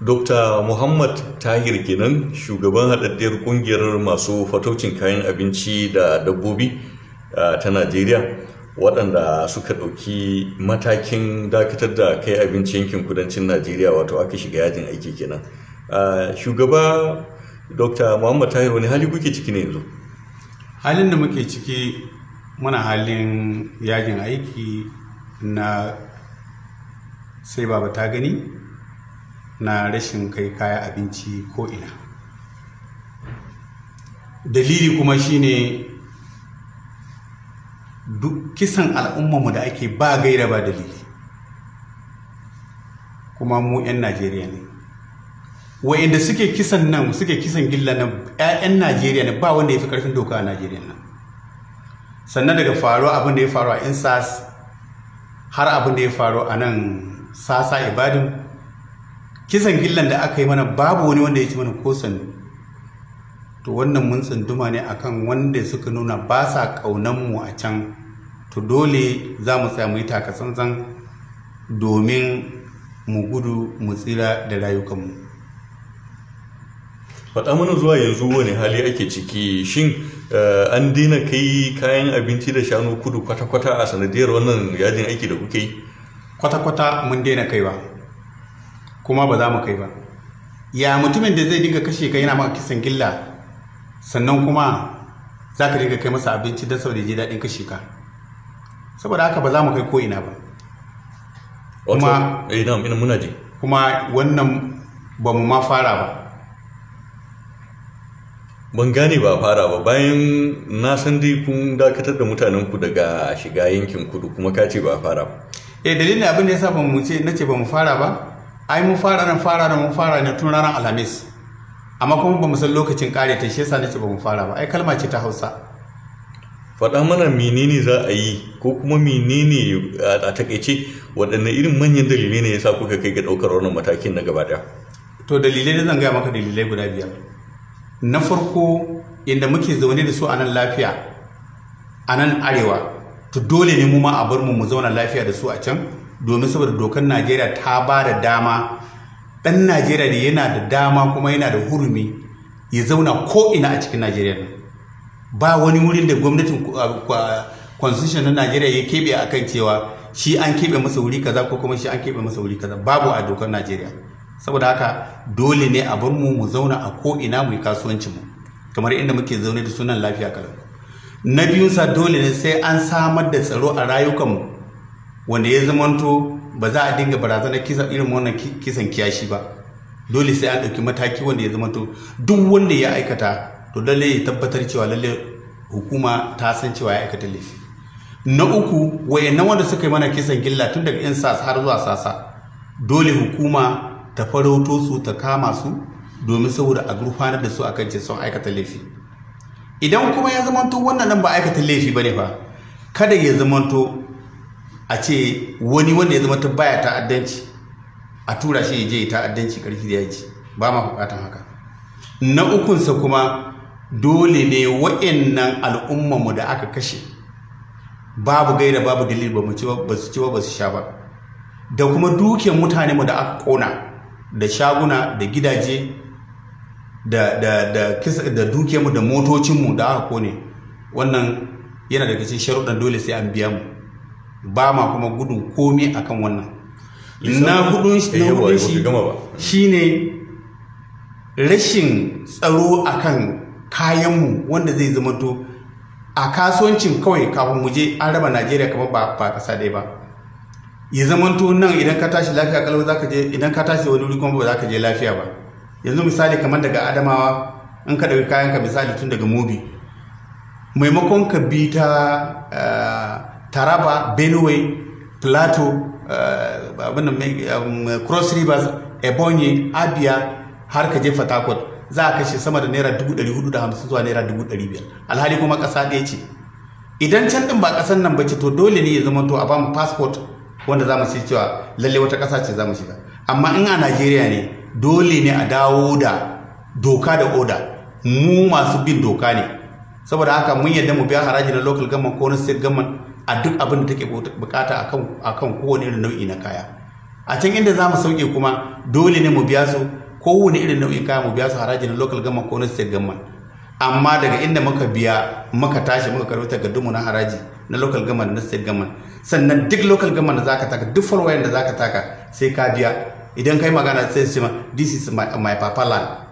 dr muhammad tahir kenan shugaban haɗaɗɗiyar ƙungiyar masu fatocin kayan abinci da dabbobi ta najeriya waɗanda suka ɗauki matakin dakatar da kai abinci yankin kudancin najeriya wato aka shiga yajin aiki kenan shugaba dr muhammad tahir wani hali kuke ciki ne yanzu halin da muke ciki muna halin yajin aiki na sai baba ta gani na rashin kai kaya abinci ko ina dalili kuma shine duk kisan al'ummanmu da ake ba gaira ba dalili kuma mu 'yan najeriya ne wa'inda suke kisan nan suke kisan gilla na 'ya'yan najeriya ne ba wanda ya fi karfin doka a najeriya nan sannan daga faruwa abin da ya faru a insas har abin da ya faru a nan sasa ibadin kisan gillan da aka yi mana babu wani wanda ya ci mana ko sannu, to wannan mun tsunduma ne akan wanda suka nuna ba sa mu a can to dole za mu tsaya mu yi takatsantsan domin mu gudu mu tsira da rayukanmu faɗa mana zuwa yanzu wani hali ake ciki shin eh, an daina kai kayan abinci da shanu kudu kwata-kwata a sanadiyar wannan yajin aiki da kuke yi kwata-kwata mun daina kaiwa kuma ba za mu kai ba ya mutumin da zai dinga kashe ka yana maka kisan gilla sannan kuma za ka dinga kai masa abinci don saboda ji daɗin kashe ka saboda haka ba za mu kai ko ina ba kuma eh, ina muna ji kuma wannan ba mu ma fara ba ban gane ba fara ba bayan na san dai kun dakatar da mutanen ku daga shiga yankin kudu kuma ka ce ba fara ba eh dalilin abin da yasa ba mu ce nace ba mu fara ba ai mun fara nan fara nan mun fara ne tun ranar alhamis amma kuma ba mu san lokacin kare ta shi yasa nace ba mu fara ba ai kalma ce ta Hausa faɗa mana menene za a yi ko kuma menene a takaice waɗanne irin manyan dalilai ne yasa kuka kai ga ɗaukar wannan matakin na gaba ɗaya to dalilai da zan gaya maka dalilai guda biyar na farko inda muke zaune da su a nan lafiya a nan arewa to dole ne mu ma a bar mu mu zauna lafiya da su a can domin saboda dokar najeriya ta ba da dama ɗan najeriya da yana da dama kuma yana da hurumi ya zauna ko'ina a cikin najeriya ba wani wurin da gwamnatin uh, constitution na najeriya ya keɓe a kan cewa shi an keɓe masa wuri kaza ko kuma shi an keɓe masa wuri kaza babu a dokar najeriya saboda haka dole ne a bar mu mu zauna a ko'ina mu yi mu, kamar inda muke zaune da sunan lafiya kalau na biyunsa dole ne sai an samar da tsaro a rayukanmu wanda ya zamanto ba za a dinga barazanar kisa irin wannan kisan kiyashi ba dole sai an ɗauki mataki wanda ya zamanto duk wanda ya aikata to lalle ya tabbatar cewa lalle hukuma ta san cewa ya aikata laifi na uku na wanda suka yi mana kisan gilla tun daga yan sas har zuwa sasa dole hukuma ta farauto su ta kama su domin saboda a gurfanar da su akan kan sun aikata laifi idan kuma ya zamanto wannan nan ba aikata laifi ba ne fa kada ya zamanto a ce wani wanda ya zama ta baya ta'addanci a tura shi je ta'addanci karfi da yaki ba ma bukatan haka na ukunsa kuma dole ne wa'annan al'ummanmu da aka kashe babu gaida babu dalil ba su ci ba ba su sha ba da kuma dukiyar mutane da aka kona da shaguna da gidaje da da da da motocinmu da aka kone wannan yana daga cikin sharuɗan dole sai an biya mu ba ma kuma gudun komi akan wannan na hudun shi eh, ne rashin tsaro akan kayanmu wanda zai to a kasuwancin kawai kafin muje an raba najeriya kamar ba kasa dai ba ya to nan idan ka tashi lafiya kalau za ka je idan ka tashi wani wuri kuma ba za ka je lafiya ba yanzu misali kamar daga adamawa in ka daga kayan ka misali tun daga mobi maimakon ka bi ta eh, taraba benue plateau eh, um, cross rivers ebonyi abia har ka je fatakot za a kashe sama da naira 450 zuwa naira 500 alhali kuma ƙasa ɗaya ce idan can ɗin ba ƙasan nan ba ce to dole ne ya zama to a ba mu passport wanda za mu ce cewa lalle wata ƙasa ce za mu shiga amma in a najeriya ne dole ne a dawo da doka da oda mu masu bin doka ne saboda haka mun yadda mu biya haraji na local government ko na state government a duk abin da take bukata a kan kowane irin nau'i na kaya a can inda za mu sauke kuma dole ne mu biya su kowane irin nau'in kaya mu biya su haraji na local government ko na state government amma daga inda muka biya muka tashi muka karbi takardu na haraji na local government na state government sannan duk local government da zaka taka duk falwayan da zaka taka sai ka biya idan kai magana sai ce this is my, my papa land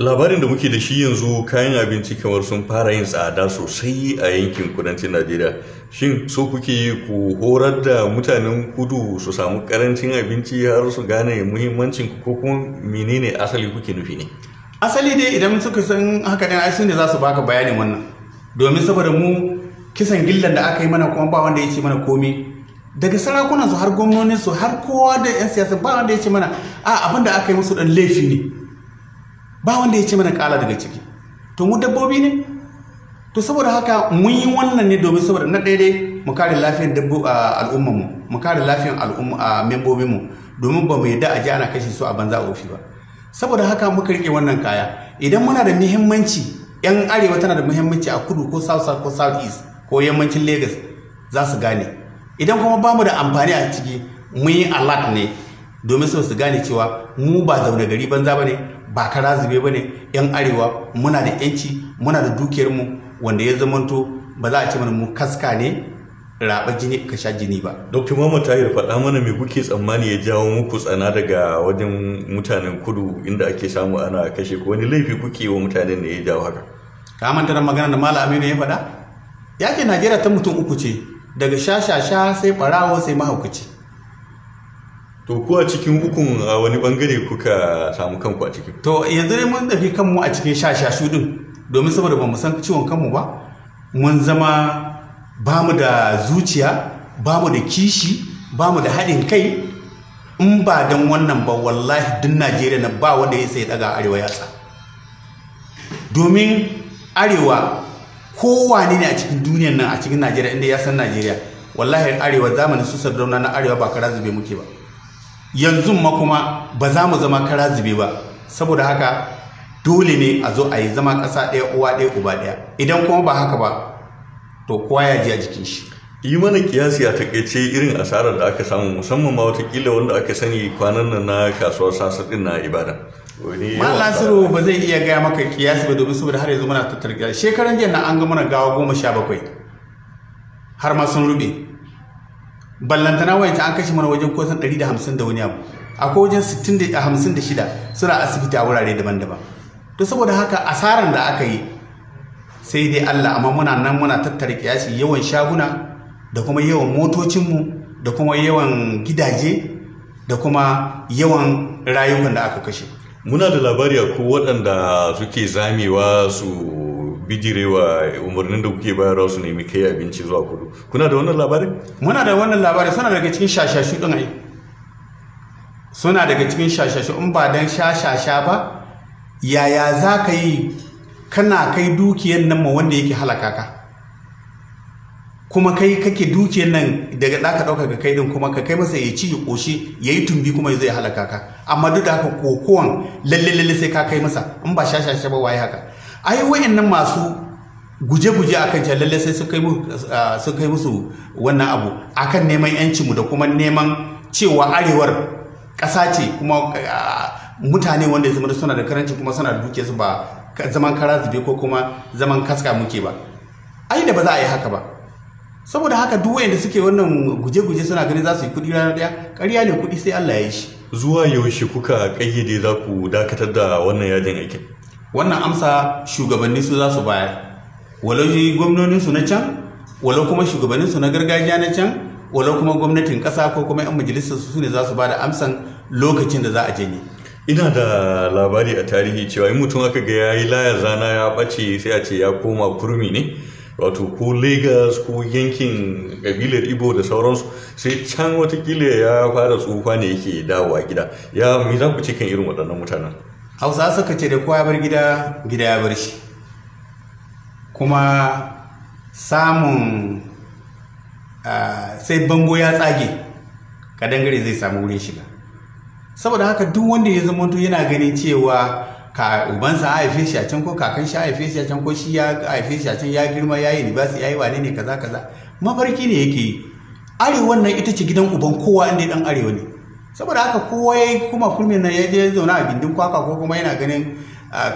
labarin da muke da shi yanzu kayan abinci kamar sun fara yin tsada sosai a yankin kudancin najeriya shin so kuke ku horar da mutanen kudu su samu karancin abinci har su gane muhimmancin ko kuma menene asali kuke nufi ne asali dai idan suka san haka ne ai ne za su baka bayanin wannan domin saboda mu kisan gillan da aka yi mana kuma ba wanda ya ce mana komai daga sarakunan su har gwamnonin su har kowa da yan siyasa ba wanda ya ce mana a abinda aka yi musu dan laifi ne ba wanda ya ce mana kala daga ciki to mu dabbobi ne to saboda haka mun yi wannan ne domin saboda na ɗaya dai mu kare lafiyar dabbo al'umma mu mu kare lafiyar al'umma membobin mu domin ba mu yadda a ji ana kashe su a banza ofi ba saboda haka muka rike wannan kaya idan muna da muhimmanci yan arewa tana da muhimmanci a kudu ko south south ko south east ko yammacin lagos za su gane idan kuma ba mu da amfani a ciki mun yi alert ne domin su gane cewa mu ba zaune gari banza ba ne ba ka razube ba ne yan arewa muna da yanci muna da dukiyarmu wanda ya zamanto ba za a ce mana mu kaska ne raba jini ka sha jini ba. Dr. Mama Tahir faɗa mana me kuke tsammani ya jawo muku tsana daga wajen mutanen kudu inda ake samu ana kashe ku wani laifi kuke wa mutanen da ya jawo haka. Ka manta da magana da Malam Aminu ya faɗa? Ya Najeriya ta mutum uku ce daga sha-sha-sha sai ɓarawo sai mahaukaci. to ku a cikin ukun a wani bangare kuka samu kanku a ciki. to yanzu dai mun dafi kanmu a cikin sha su din domin saboda ba mu san ciwon kanmu ba mun zama ba mu da zuciya ba mu da kishi ba mu da haɗin kai in ba don wannan ba wallahi duk najeriya na ba wanda ya sai daga arewa ya tsa domin arewa kowane ne a cikin duniyan nan a cikin najeriya inda ya san najeriya wallahi arewa zamanin susar sardauna na arewa ba kara zube muke ba yanzu ma kuma ba za mu zama kara zube ba saboda haka dole ne a zo a yi zama kasa ɗaya uwa ɗaya uba ɗaya idan kuma ba haka ba to kowa ya ji a jikin shi yi mana kiyasi a takaice irin asarar da aka samu musamman ma watakila wanda aka sani kwanan nan na kasuwar sasa din na ibada. mal nasiru ba zai iya gaya maka kiyasi ba domin saboda har yanzu muna tattara shekaran jiya na an ga mana gawa goma sha bakwai har ma sun rube ballantana wayanta an kashe mana wajen kusan 150 da wani abu akwai wajen 56 suna asibiti a wurare daban-daban to saboda haka asaran da aka yi sai dai Allah amma muna nan muna tattara kiyasi yawan shaguna da kuma yawan motocinmu da kuma yawan gidaje da kuma yawan rayukan da aka kashe muna da labari ko waɗanda suke zamewa su bijirewa umarnin da kuke bayarwa su nemi kai abinci zuwa kudu kuna da wannan labarin muna da wannan labarin suna daga cikin shashashu din ai suna daga cikin shashashu in ba dan shashasha ba yaya za ka yi kana kai dukiyar nan ma wanda yake halaka ka kuma kai kake dukiyar nan daga ɗaka ɗauka ka kai din kuma ka kai masa ya ci ya koshi ya yi tumbi kuma zai halaka ka amma duk da haka kokowan lalle lalle sai ka kai masa in ba shashasha ba waye haka ai wayannan masu guje-guje akan can lalle sai ah, sun kai musu wannan abu akan neman yancinmu da kuma neman cewa arewar ƙasa ce kuma ah, mutane wanda ya zama da suna da karanci kuma suna da duke su ba zaman kara zube ko kuma zaman kaska muke ba ai da ba za a yi haka ba saboda haka duk wayanda suke wannan guje-guje suna ganin za su yi kuɗi rana ɗaya ƙarya ne kuɗi sai Allah ya yi shi zuwa yaushe kuka ƙayyade za ku dakatar da wannan yajin aikin wannan amsa shugabanni su za su baya walau su na can walau kuma shugabannin su na gargajiya na can walau kuma gwamnatin kasa ko kuma 'yan majalisar su ne za su ba da amsan lokacin da za a janye ina da labari a tarihi cewa in mutum aka ga yayi layar zana ya bace sai a ce ya koma kurmi ne wato ko lagos ko yankin kabilar ibo da sauransu sai can watakila ya fara tsufa ne yake dawowa gida ya mi za ku ce irin waɗannan mutanen hausa suka ce da kowa ya bar gida gida ya bar shi kuma samun sai bango ya tsage kadangare zai samu wurin shiga saboda haka duk wanda ya zama yana ganin cewa ka ubansa a haife shi a can ko kakan shi a haife shi a can ko shi ya haife shi a can ya girma ya yi libasi ya yi wane ne kaza kaza mafarki ne yake yi arewan nan ita ce gidan uban kowa inda dan arewa ne saboda haka kowa ya kuma kurmin nan ya je zauna a gindin kwakwa ko kuma yana ganin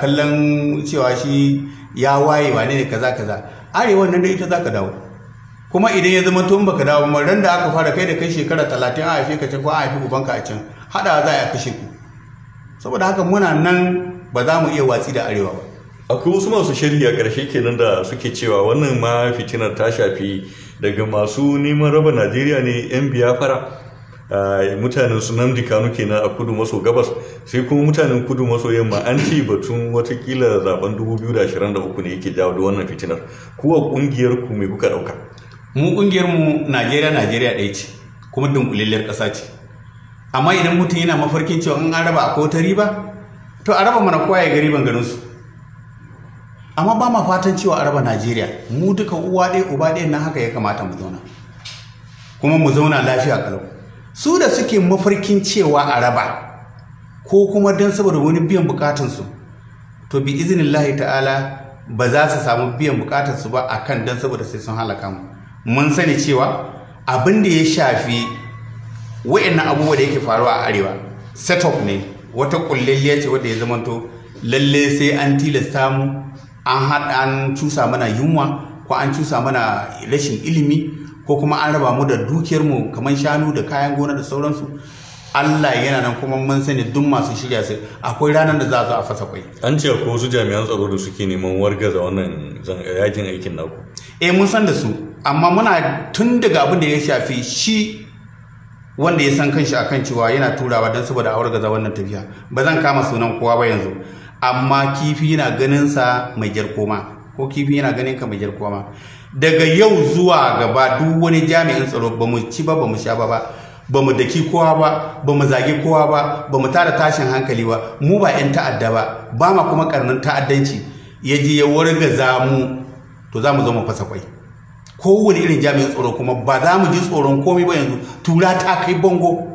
kallon cewa shi ya waye wane ne kaza kaza arewa nan da ita za ka dawo kuma idan ya zama tun baka dawo ba, ran da aka fara kai da kai shekara talatin a haife ka can ko a haife ubanka a can haɗa za a kashe ku saboda haka muna nan ba za mu iya watsi da arewa ba akwai wasu masu shirya karshe kenan da suke cewa wannan ma fitinar ta shafi daga masu neman raba najeriya ne yan biyafara Eh, mutanen su namdi dikanu kenan a kudu maso gabas sai kuma mutanen kudu maso yamma an ci batun watakila zaben 2023 ne yake jawo da wannan fitinar kuwa kungiyar ku me kuka dauka mu kungiyar mu Najeriya Najeriya ɗaya ce kuma dunkulellar ƙasa ce amma idan mutum yana mafarkin cewa an araba a ta riba to araba mana kowa ya gari garin su amma ba ma fatan cewa araba Najeriya mu duka uwa ɗaya uba ɗaya na haka ya kamata mu zauna kuma mu zauna lafiya kalau su da suke mafarkin cewa a raba ko kuma don saboda wani biyan bukatansu to bi izinin lahi ta'ala ba za su samu biyan bukatansu ba a kan don saboda sai sun halaka mu mun sani cewa abin da ya shafi wa'annan abubuwa da yake faruwa a arewa setup ne wata kullalliya ce wadda ya zamanto lalle sai an tilasta mu an haɗa an cusa mana yunwa ko an cusa mana rashin ilimi ko kuma an raba mu da dukiyar mu kamar shanu da kayan gona da sauransu Allah yana nan kuma mun sani duk masu shirya su akwai ranar da za a zo a fasa kwai. An ce ko su jami'an tsaro da suke neman wargaza wannan yakin aikin naku. Eh mun san da su amma muna tun daga abin da ya shafi shi wanda ya san kanshi akan cewa yana turawa don saboda a wargaza wannan tafiya ba zan kama sunan kowa ba yanzu amma kifi yana ganin sa mai jarkoma ko kifi yana ganin ka mai jarkoma. daga yau zuwa gaba duk wani jami'in tsaro ba mu ci ba ba mu sha ba ba ba mu daki kowa ba ba mu zage kowa ba ba mu tara tashin hankali ba mu ba 'yan ta'adda ba ba ma kuma karnin ta'addanci ya je ya za mu to za mu zo mu fasa kwai kowane irin jami'in tsaro kuma ba za mu ji tsoron komai ba yanzu tura ta kai bango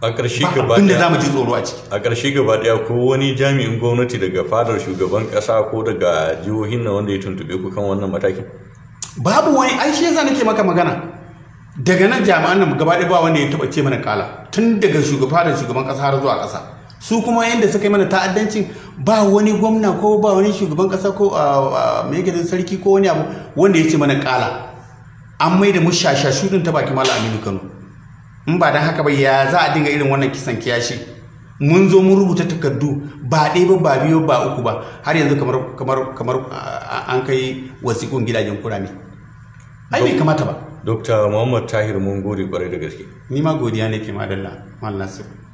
a ƙarshe gaba ɗaya za mu ji tsoro a ciki a ƙarshe gaba ɗaya ko wani jami'in gwamnati daga fadar shugaban ƙasa ko daga jihohin na wanda ya tuntube ku kan wannan matakin babu wani ai shi yasa nake maka magana daga nan jami'an nan gaba ɗaya ba wanda ya taɓa ce mana kala tun daga shugaba da shugaban kasa har zuwa kasa su kuma yanda suka yi mana ta'addancin ba wani gwamna ko ba wani shugaban kasa ko mai gidan sarki ko wani abu wanda ya ce mana kala an mai da mu shudin ta baki malam aminu kano in ba dan haka ba ya za a dinga irin wannan kisan kiyashi mun zo mun rubuta takardu ba ɗaya ba ba biyu ba uku ba har yanzu kamar kamar kamar an kai wasiƙun gidajen kurame ai bai kamata ba Dokta Muhammad Tahir mun gode kwarai da gaske. Ni ma godiya ne ke madalla, Mallan Nasiru.